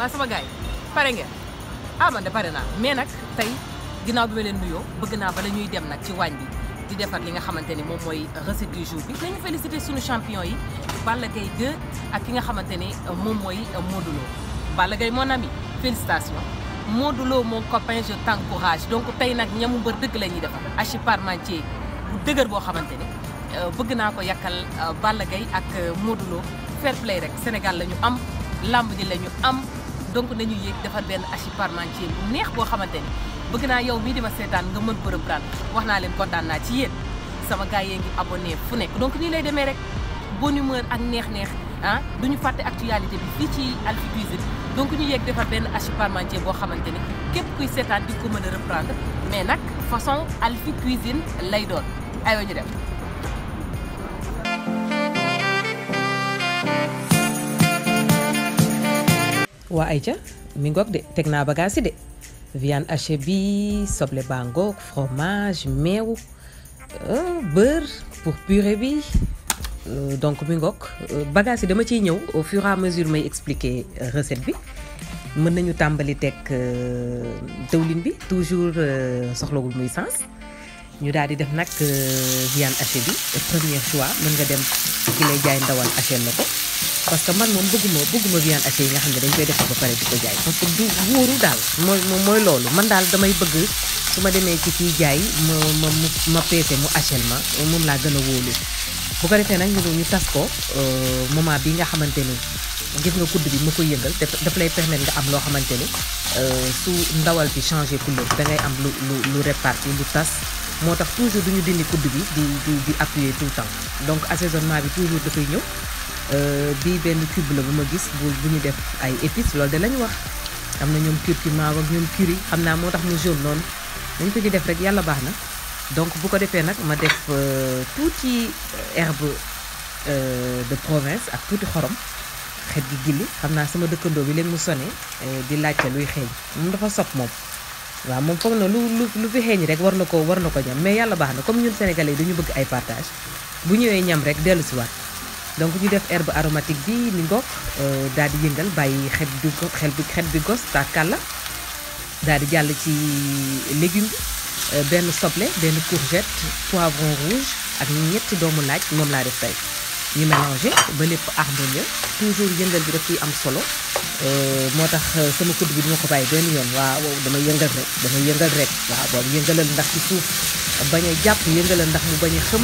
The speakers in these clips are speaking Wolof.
waaw sama gars yi pare ngeen ah de pare naa mais nag tey ginnaaw bi ma leen nuyoo bëgg naa bala ñuy dem nag ci waañ bi di defar li nga xamante ni moom mooy recette du jour bi. nañu félicité champion yi Balla Gaye ak ki nga xamante ni moom mooy Modou Lo Balla Gaye mon ami félicitations Modou Lo mon copain je t'encourage donc tey nag ñamu mbër dëgg la ñuy defar achi parmentier bu dëgër boo xamante ni euh, bëgg naa ko yàkkal euh, Balla Gaye ak euh, Modou Lo fair play rek Sénégal la ñu am làmb ji lañu am. donc nañu yéeg defar benn hachis parmentier bu neex boo xamante ni bëgg naa yow mii di ma seetaan nga mën ko reprendre wax naa leen kontaan naa ci yéen sama gars yee ngi abonné fu nekk donc nii lay demee rek bonne humeur ak neex-neex ah duñu fàtte actualité bi fii ci Alphie Cuisine donc ñu yéeg defar benn hachis parmentier boo xamante ni képp kuy seetaan di ko mën a reprendre mais nag façon Alphie Cuisine lay doon aywa ñu dem. waa Aïcha mi ngoog de teg naa bagage yi de viande hachée bi soble baa ngoog fromage meew euh, beurre pour purée bi euh, donc mi ngoog euh, bagage yi dama ciy ñëw au fur et à mesure may expliquer recette bi mën nañu tàmbali teg dëwlin bi toujours soxlawul muy sens ñu daal di def nag viande hachée bi premier choix mën nga dem ki lay jaay ndawal hachée la ko parce que man moom bëgguma bëgguma viande hachée yi nga xam ne dañ koy defar ba pare bi ko jaay parce que du wóoru daal mooy mooy loolu man daal damay bëgg su ma demee ci kiy jaay ma ma ma peese mu hachel ma moom laa gën a wóolu bu ko defee nag ñu tas ko euh, moment bi nga xamante ni gis nga kudd bi ma koy yëngal daf lay permettre nga am loo xamante ni euh, su ndawal bi changé couleur da am lu lu lu réparti lu tas moo tax toujours du ñu dindi kudd bi di di di appuyer tout le temps bi toujours dafay Euh, bii benn cube la bu ma gis bu bu ñu def ay épice loolu de lañ wax am na ñoom curcuma ak ñoom curry xam naa moo tax mu jaune noonu dañ ko def rek yàlla baax na donc bu ko defee nag ma def euh, tuuti herbe euh, de province ak tuuti xorom xet gi gilli xam naa sama dëkkandoo bi léegi mu sone di laaj laajte luy xeeñ moom dafa sopp moom waaw moom foog na lu lu lu fi xeeñ rek war na ko war na ko ñam mais yàlla baax na comme ñun sénégalais dañu bëgg ay partage bu ñëwee ñam rek dellu si donc ñu def herbe aromatique bi ni ngoog euh, daal di yëngal bàyyi xet bi xel bi xet bi gos la daal di jàll ci légume bi euh, benn soble benn courgette poivron rouge ak ñetti doomu laaj moom laa def tey ñu mélangé ba lépp harmonieux toujours yëngal bi daf ci am solo euh, moo tax sama kudd bi duma ko bàyyi benn yoon waaw dama yëngal rek dama yëngal rek waaw boobu yëngalal ndax ci suuf bañ a jàpp yëngalal ndax mu bañ a xëm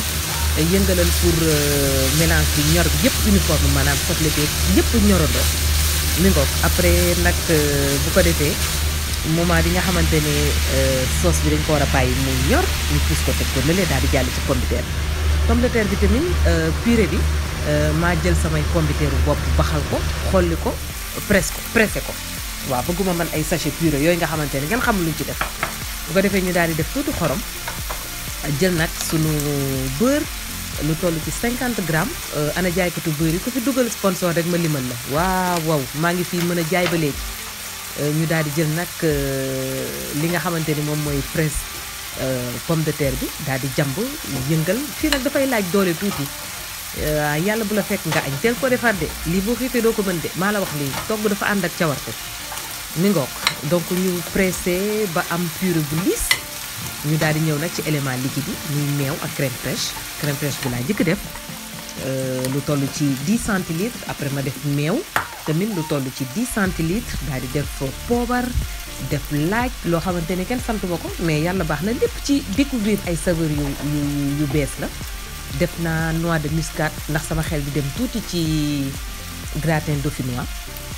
yëngalal pour euh, mélange bi ñor bi yëpp uniforme maanaam soble beeg yëpp ñorandoo mi ngoog après nag euh, bu ko defee moment bi nga xamante ne euh, sauce bi dañ ko war a bàyyi muy ñor ñu puus ko teg ko daal di jàll ci pomme de bi tamit purée bi maa jël samay pomme de terre bopp baxal ko xolli ko presque pressé ko waaw bëgguma man ay sachet purée yooyu nga xamante ne ngeen xam luñ ci def bu ko defee ñu daal di def tuuti xorom jël nag sunu beurre lu toll ci cinquante grammes euh, ana jaaykatu beurre yi ku fi dugal sponsor rek ma limal la waaw waaw maa ngi fii mën a jaay ba léegi euh, ñu daal di jël nag euh, li nga xamante ni moom mooy fraise pomme de terre bi daal di jàmb yëngal fii nag dafay laaj doole tuuti yàlla bu la fekk nga añ teel ko defar de lii boo xiifee doo ko mën de maa la wax lii togg dafa ànd ak cawarte mi ngoog donc ñu pressé ba am purée bu lisse ñu daal di ñëw nag ci élément liquide yi muy meew ak crème fraîche crème fraîche bi laa jëkk def euh, lu toll ci 10 centilitres après ma def meew tamit lu toll ci 10 centilitres daal di def poobar def laaj loo xamante ne kenn sant ma ko mais yàlla baax na lépp ci découvrir ay saveur yu yu bees la def naa nois de muscade ndax sama xel bi dem tuuti ci gratin dauphinois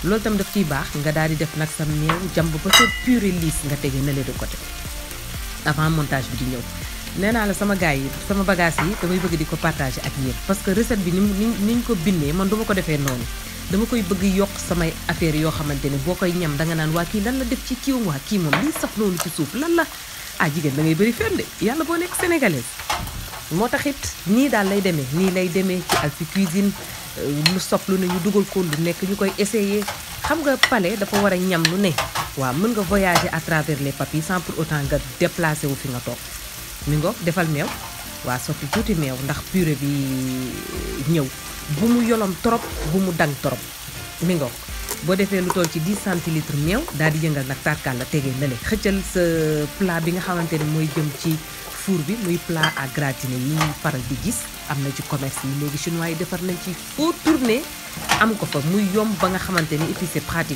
loolu tam daf ciy baax nga daal di def nag sa meew jàmb ba sa purée lisse nga tege na le de côté avant montage bi di ñëw nee naa la sama gars yi sama bagage yi damay bëgg di ko partager ak yéen parce que recette bi ni ni ñu ko bindee man du ko defee noonu dama koy bëgg yokk samay affaire yoo xamante ne boo koy ñam danga naan waa kii lan la def ci kiiwam waa kii moom lii sax loolu ci suuf lan la ah jigéen da ngay bëri fen de yàlla boo nekk sénégalaise moo tax it nii daal lay demee nii lay demee ci Alphie Cuisine euh, lu soplu ne ñu dugal ko lu nekk ñu koy essayer xam nga palais dafa war a ñam lu ne waaw mën nga voyager à travers les papilles sans pour autant nga déplacé fi nga toog mi defal meew waa sotti tuuti meew ndax pure bi ñëw bu mu yolom trop bu mu dang trop mi boo defee lu toll ci 10 centilitres meew daal di yëngal nag tarkaal la tegee na le xëccal sa plat bi nga xamante ne mooy jëm ci four bi muy plat à gratiner yi ñuy faral di gis am na ci commerce yi léegi si chinois yi defar nañ ci foo tourné am ko fa muy yomb ba nga xamante ni et puis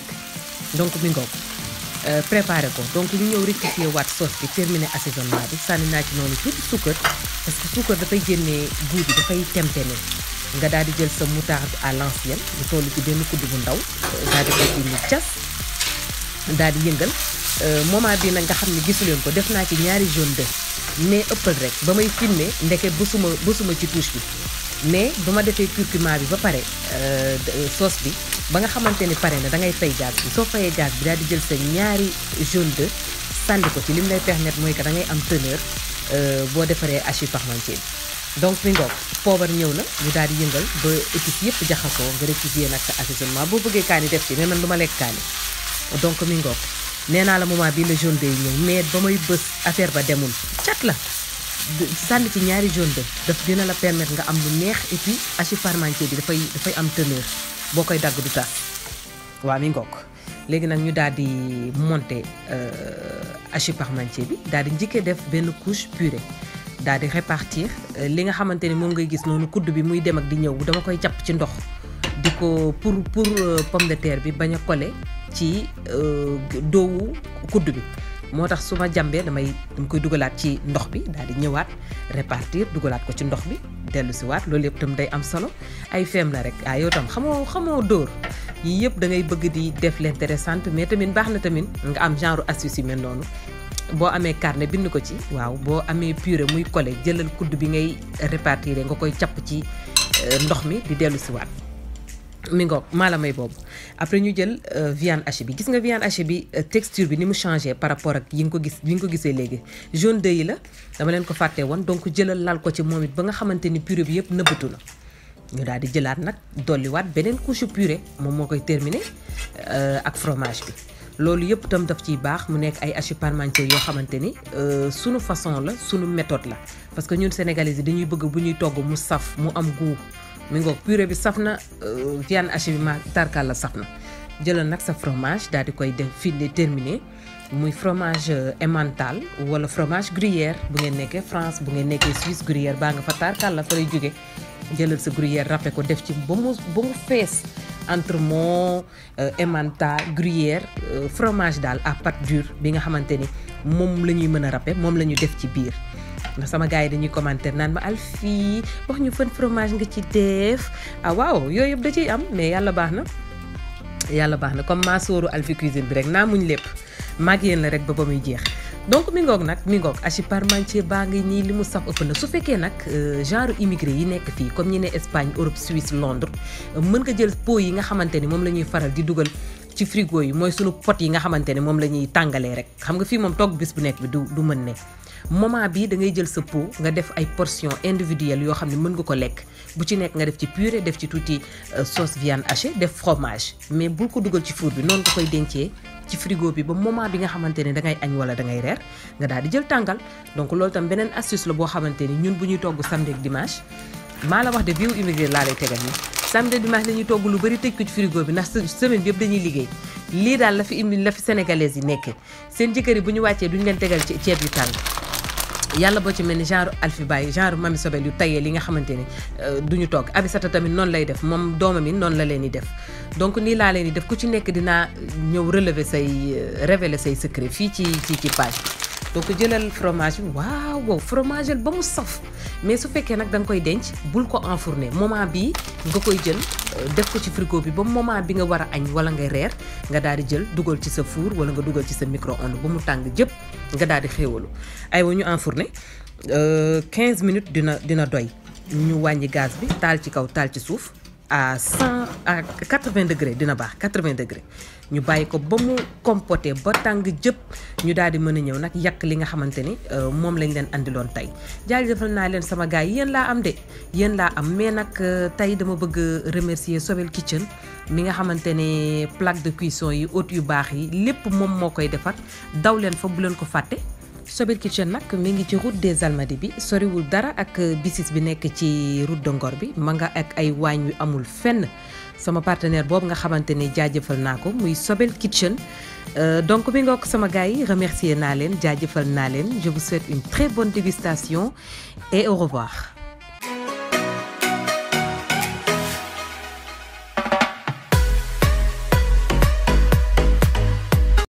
donc mi Euh, préparé ko donc ñu ñëw rectifier waat sauce bi terminer assaisonnement bi sànni naa ci noonu tuuti suukar parce que suukar dafay génnee goût bi dafay tempene nga daal di jël sa moutarde à l'ancienne bu toll ci benn kuddu bu ndaw euh, daal di ko ci ñu cas daal di yëngal euh, moment bi nag nga xam ne gisuleen ko def naa ci ñaari jaune d'œuf mais ëppal rek ba may filmer ndeke bësuma bësuma ci touche bi mais ba ma defee curcuma bi ba pare sauce bi ba nga xamante ni pare na da ngay fay gaz bi soo fayee gaz bi daal di jël sa ñaari jaune de sànni ko ci lim lay permettre mooy que da ngay am teneur euh, boo defaree hachis parmentier bi donc mi ngoog poobar ñëw na ñu daal di yëngal ba épices yëpp jaxasoo nga réfugié nag sa assaisonnement boo bëggee kaani def ci nee lu ma lekk kaani donc mi ngoog nee naa la moment bii la jaune de yi ñëw mais ba may bës affaire ba demul cat la sànni ci ñaari jaune de daf dina la permettre nga am lu neex et puis hachis bi dafay dafay am teneur boo koy dagg du tas waa mi ngook léegi nag ñu daal di monter euh, hachis parmentier bi daal di njëkkee def benn couche purée daal di répartir euh, li nga xamante ni moom ngay gis noonu kudd bi muy dem ak di ñëw dama koy jàpp ci ndox di ko pour pour euh, pomme de terre bi bañ a kole ci doowu kudd bi moo tax su ma jàmbee damay dama koy dugalaat ci ndox bi daal di ñëwaat répartir dugalaat ko ci ndox bi dellu si waat loolu yëpp tam day am solo ay feem la rek ah yow tam xamoo xamoo dóor yii yëpp da ngay bëgg di def l'intéressante mais tamit baax na tamit nga am genre astuce yu mel noonu boo amee carnet bind ko ci waaw boo amee purée muy collé jëlal kudd bi ngay répartir nga koy capp ci euh, ndox mi di dellu si waat mi ngoog maa la may boobu après ñu jël euh, viande hachée bi gis nga viande hachée bi euh, texture bi ni mu changé par rapport ak yi nga ko gis yi nga ko gisee léegi jaune d'œuf la dama leen ko fàtte woon donc jëlal lal ko ci moom it ba nga xamante ni purée bi yëpp nëbbatu na ñu daal di jëlaat nag waat beneen couche purée moom moo koy terminé euh, ak fromage bi loolu yëpp itam daf ciy baax mu nekk ay hachis parmentier yoo xamante ni sunu façon la sunu méthode la parce que ñun sénégalais yi dañuy bëgg bu ñuy togg mu saf mu am goût mi ngoog purée bi saf na euh, viande hachée bi ma tarkal la saf na jëlal nag sa fromage daal di koy def fii di terminé muy fromage euh, emmental wala fromage gruyère bu ngeen nekkee France bu ngeen nekkee Suisse gruyère baa nga fa tarkal la fa lay jóge jëlal sa gruyère râpé ko def ci ba mu ba mu fees entremont euh, emmental gruyère fromage daal à pâte dure bi nga xamante ni moom la ñuy mën a râpé moom la ñu def ci biir ndax sama gars yi dañuy commentaire naan ma Alphie wax ñu fën fromage nga ci def ah waaw yooyu yëpp da ciy am mais yàlla baax na yàlla baax na comme maa sóoru Alphie cuisine bi rek naa muñ lépp maag yéen la rek ba ba muy jeex donc mi ngoog nag mi ngoog achi parmentier baa ngi ñii li mu saf ëpp na su fekkee nag euh, genre immigré yi nekk fii comme ñi ne Espagne Europe Suisse Londres mën nga jël pot yi nga xamante ni moom la ñuy faral di dugal ci frigo yi mooy sunu pot yi nga xamante ne moom lañuy ñuy tàngalee rek xam nga fii moom toog bis bu nekk bi du du mën ne moment bi da ngay jël sa pot nga def ay portions individuelles yoo xam ne mën nga ko lekk bu ci nekk nga def ci purée def ci tuuti euh, sos viande hachée def fromage mais bul ko dugal ci four bi noonu nga koy dencee ci frigo bi ba moment bi nga xamante ne da añ wala da ngay reer nga daal di jël tàngal donc loolu tam beneen astuce la boo xamante ni ñun bu ñuy togg samedi ak dimanche maa la wax de biiw immigré laa samedi dimanche dañuy togg lu bari tëj ko ci frigo bi ndax semaine bi yëpp dañuy liggéey lii daal la fi indi la fi sénégalais yi nekkee seen jëkkër yi bu ñu wàccee duñu leen tegal ci ceeb yu tàng yàlla boo ci mel ni genre alfi genre mami sobel yu tayee li nga xamante ne euh, duñu togg abisata tamit noonu lay def moom doomam yi noonu la leen di def donc nii laa leen yi def ku ci nekk dinaa ñëw relever say euh, révéler say secret fii ci ci ci page donc jëlal fromage bi waaw wow fromage ba mu saf mais su fekkee nag da nga koy denc bul ko enfourner moment bii nga koy jël euh, def ko ci frigo bi ba moment bi nga war a añ wala ngay reer nga daal di jël dugal ci sa fuur wala nga dugal ci sa micro-ondes ba mu tàng jëpp nga daal di xéewalu ay wa ñu enfourner 15 euh, minutes dina dina doy ñu wàññi gaz bi taal ci kaw taal ci suuf à 100 à 80 degré dina baax 80 degré ñu bàyyi ko ba mu compoté ba tàng jëpp ñu daal di mën a ñëw nag yàq li nga xamante ni euh, moom lañ leen andiloon tey jaajëfal naa leen sama gars yi yéen laa am de yéen laa am mais nag euh, tey dama bëgg remercier Sobel Kitchen mi nga xamante ne plaque de cuisson yi haute yu baax yi lépp moom moo koy defar daw leen fa leen ko fàtte Sobel Kitchen nag mi ngi ci route des Almadies bi soriwul dara ak euh, bisis bi nekk ci route de Ngor bi ma nga ak ay waañ yu amul fenn sama partenaire boobu nga xamante ni jaajëfal naa ko muy Sobel Kitchen euh, donc mi nga ko sama gars yi remercier naa leen jaajëfal naa leen je vous souhaite une très bonne dégustation et au revoir